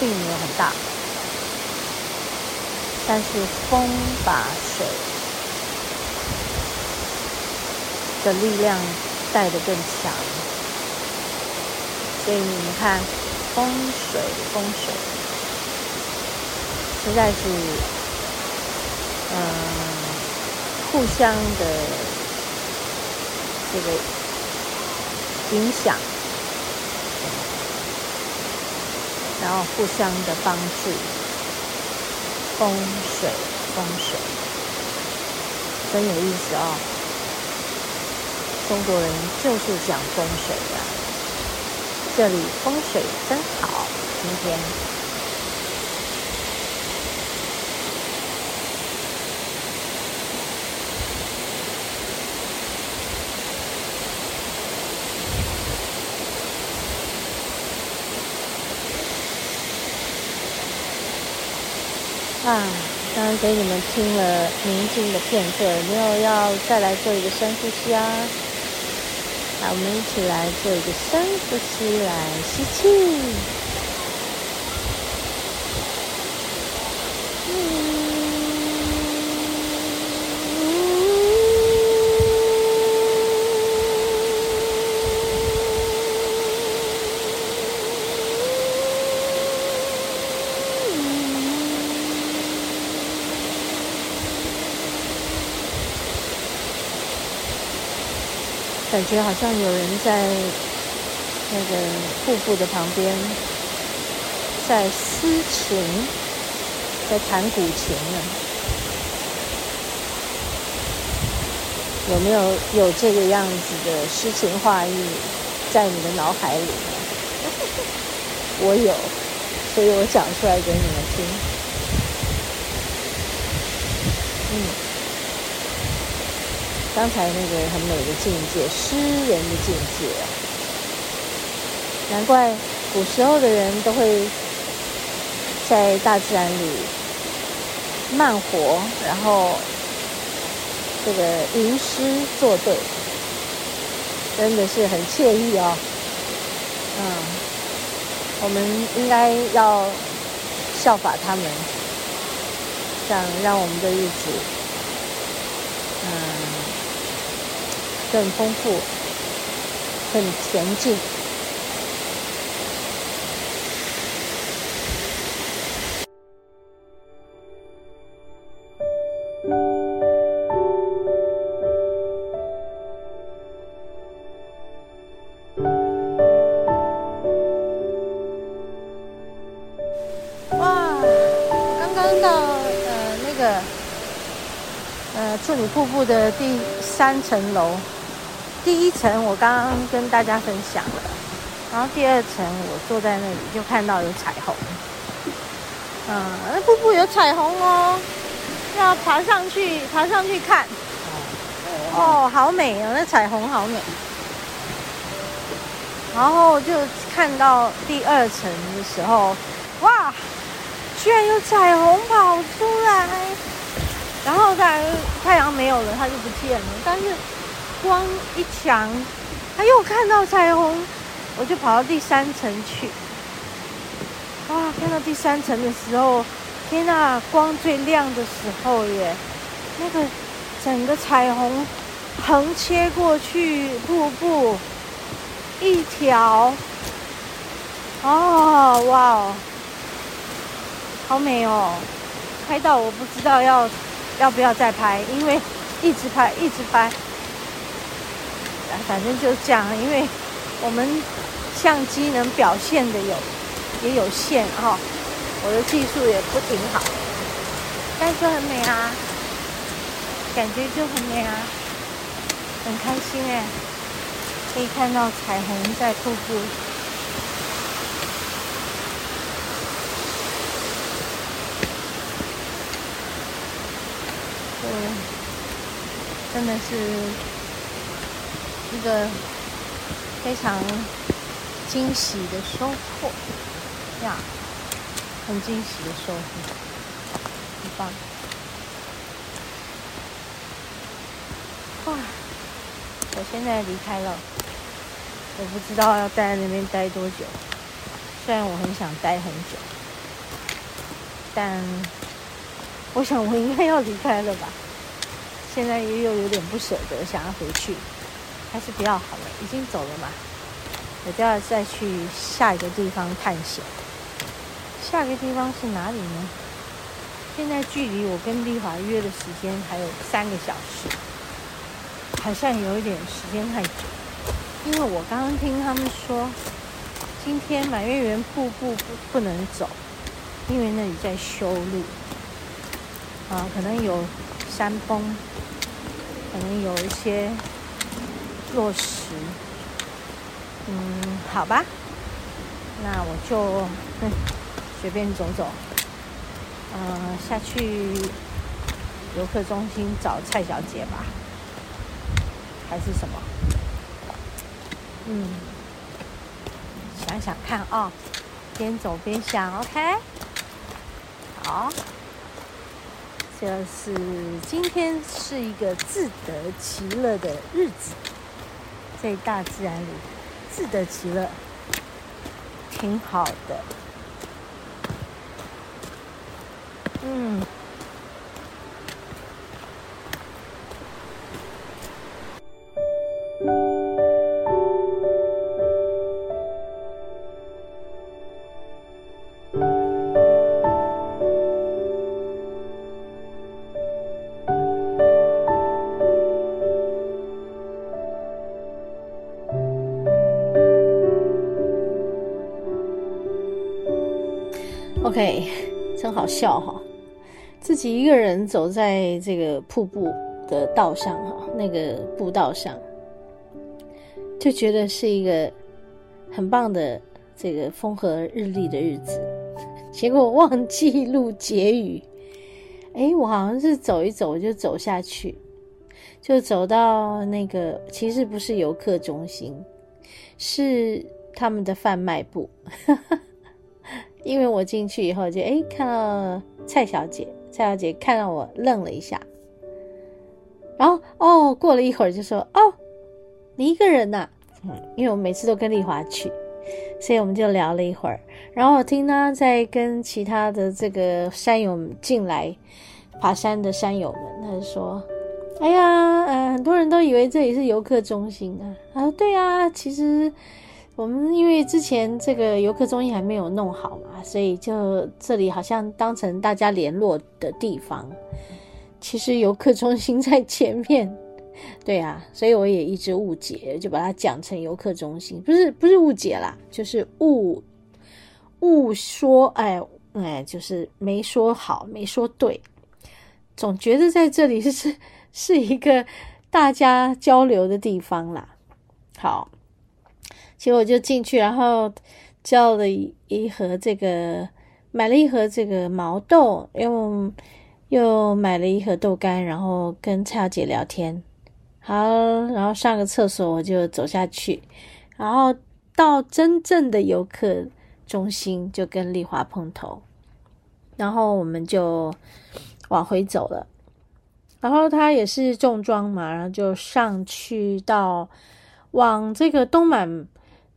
並沒有很大，但是風把水的力量帶得更強，所以你們看，風水，風水，實在是，嗯，互相的這個影響。然後互相的幫助，風水，風水，真有意思哦！中國人就是講風水的，這裡風水真好，今天。啊，剛剛給你們聽了寧靜的片刻，有沒有要再來做一個深呼吸啊！來，啊，我們一起來做一個深呼吸，來吸氣。感覺好像有人在那個瀑布的旁邊，在抒情，在彈古琴呢。有沒有有這個樣子的詩情畫意在你的腦海裡呢？我有，所以我講出來給你們聽。嗯。剛才那個很美的境界，詩人的境界。難怪古時候的人都會在大自然裡慢活，然後這個吟詩作對，真的是很愜意哦。嗯，我們應該要效法他們，想讓我們的日子，嗯。很豐富，很恬靜。哇，我剛剛到呃那個呃處女瀑布的第三層樓。第一層我剛剛跟大家分享了，然後第二層我坐在那裡就看到有彩虹，嗯，那瀑布有彩虹哦，要爬上去爬上去看，哦，好美啊，那彩虹好美，然後就看到第二層的時候，哇，居然有彩虹跑出來，然後再太陽沒有了，它就不見了，但是。光一強，他、哎、又看到彩虹，我就跑到第三層去。哇，看到第三層的時候，天哪、啊，光最亮的時候耶！那個整個彩虹橫切過去，瀑布一條，哦，哇哦，好美哦！拍到我不知道要要不要再拍，因為一直拍，一直拍。反正就這樣，因為我們相機能表現的有也有限哈、哦，我的技術也不挺好，但是很美啊，感覺就很美啊，很開心哎，可以看到彩虹在瀑布，嗯，真的是。這個非常驚喜的收穫呀！很驚喜的收穫，很棒。哇！我現在離開了，我不知道要待在那邊待多久。雖然我很想待很久，但我想我應該要離開了吧。現在也有有點不捨得，想要回去。還是比較好的，已經走了嘛，我就要再去下一個地方探險。下一個地方是哪裡呢？現在距離我跟麗華約的時間還有三個小時，好像有一點時間太久，因為我剛剛聽他們說，今天滿月圓瀑布布不能走，因為那裡在修路。啊，可能有山峰，可能有一些。落實，嗯，好吧，那我就，嗯，隨便走走，嗯，下去遊客中心找蔡小姐吧，還是什麼？嗯，想想看啊、哦，邊走邊想，OK。好，這，就是今天是一個自得其樂的日子。在大自然裡自得其樂，挺好的。嗯。對，okay，真好笑哈、哦，自己一個人走在這個瀑布的道上哈，那個步道上，就覺得是一個很棒的這個風和日麗的日子。結果忘記錄結語，哎，我好像是走一走就走下去，就走到那個其實不是遊客中心，是他們的販賣部。呵呵因為我進去以後就，就哎看到蔡小姐，蔡小姐看到我愣了一下，然後哦過了一會兒就說哦，你一個人吶、啊？嗯，因為我每次都跟麗華去，所以我們就聊了一會兒。然後我聽她在跟其他的這個山友們進來爬山的山友們，她就說：“哎呀、呃，很多人都以為這裡是遊客中心啊，啊，對啊，其實。”我們因為之前這個遊客中心還沒有弄好嘛，所以就這裡好像當成大家聯絡的地方。其實遊客中心在前面，對啊，所以我也一直誤解，就把它講成遊客中心，不是不是誤解啦，就是誤誤說，哎、嗯、哎，就是沒說好，沒說對，總覺得在這裡是是一個大家交流的地方啦。好。結果我就進去，然後叫了一盒這個，買了一盒這個毛豆，又又買了一盒豆乾，然後跟蔡小姐聊天。好，然後上個廁所，我就走下去，然後到真正的遊客中心就跟麗華碰頭，然後我們就往回走了。然後她也是重裝嘛，然後就上去到往這個東滿。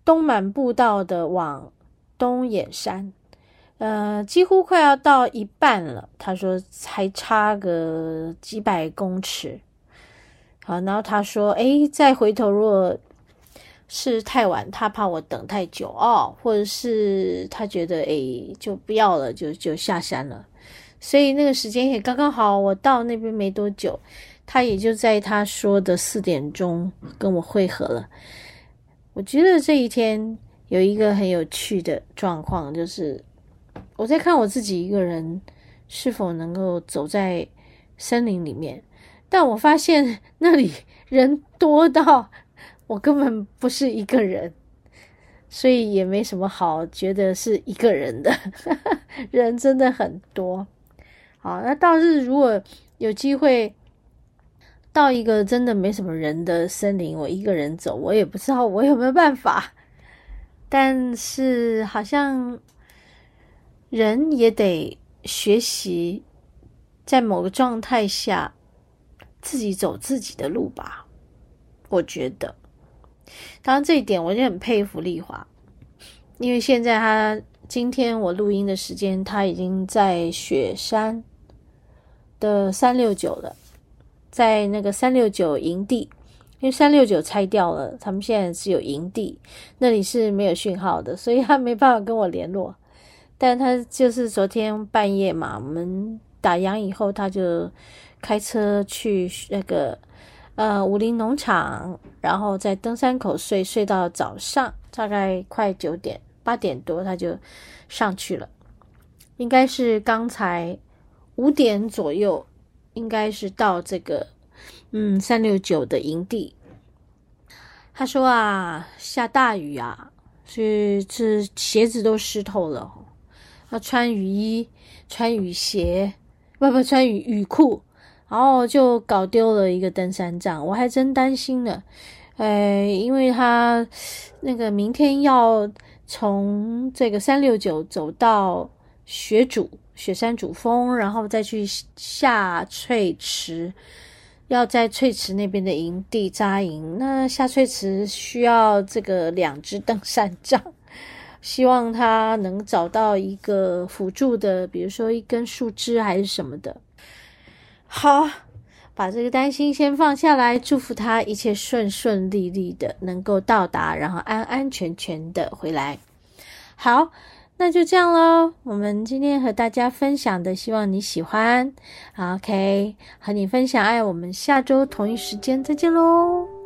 東滿步道的往東眼山，呃，幾乎快要到一半了。他說才差個幾百公尺。好，然後他說，哎，再回頭如果是太晚，他怕我等太久哦，或者是他覺得，哎，就不要了，就就下山了。所以那個時間也剛剛好，我到那邊沒多久，他也就在他說的四點鐘跟我會合了。我覺得這一天有一個很有趣的狀況，就是我在看我自己一個人是否能夠走在森林裡面，但我發現那裡人多到我根本不是一個人，所以也沒什麼好覺得是一個人的， 人真的很多。好，那倒是如果有機會。到一個真的沒什麼人的森林，我一個人走，我也不知道我有沒有辦法。但是好像人也得學習在某個狀態下自己走自己的路吧。我覺得，當然這一點我就很佩服麗華，因為現在她，今天我錄音的時間，她已經在雪山的三六九了。在那個三六九營地，因為三六九拆掉了，他們現在是有營地，那裡是沒有訊號的，所以他沒辦法跟我聯絡。但他就是昨天半夜嘛，我們打烊以後，他就開車去那個呃武陵農場，然後在登山口睡，睡到早上，大概快九點八點多他就上去了，應該是剛才五點左右。應該是到這個，嗯，三六九的營地。他說啊，下大雨啊，所以是鞋子都濕透了，要穿雨衣、穿雨鞋，不不穿雨雨褲，然後就搞丟了一個登山杖。我還真擔心呢，哎、呃，因為他那個明天要從這個三六九走到雪主。雪山主峰，然後再去下翠池，要在翠池那邊的營地扎營。那下翠池需要這個兩支登山杖，希望他能找到一個輔助的，比如說一根樹枝還是什麼的。好，把這個擔心先放下來，祝福他一切順順利利的，能夠到達，然後安安全全的回來。好。那就這樣嘍，我們今天和大家分享的，希望你喜歡。OK，和你分享愛，我們下周同一時間再見嘍。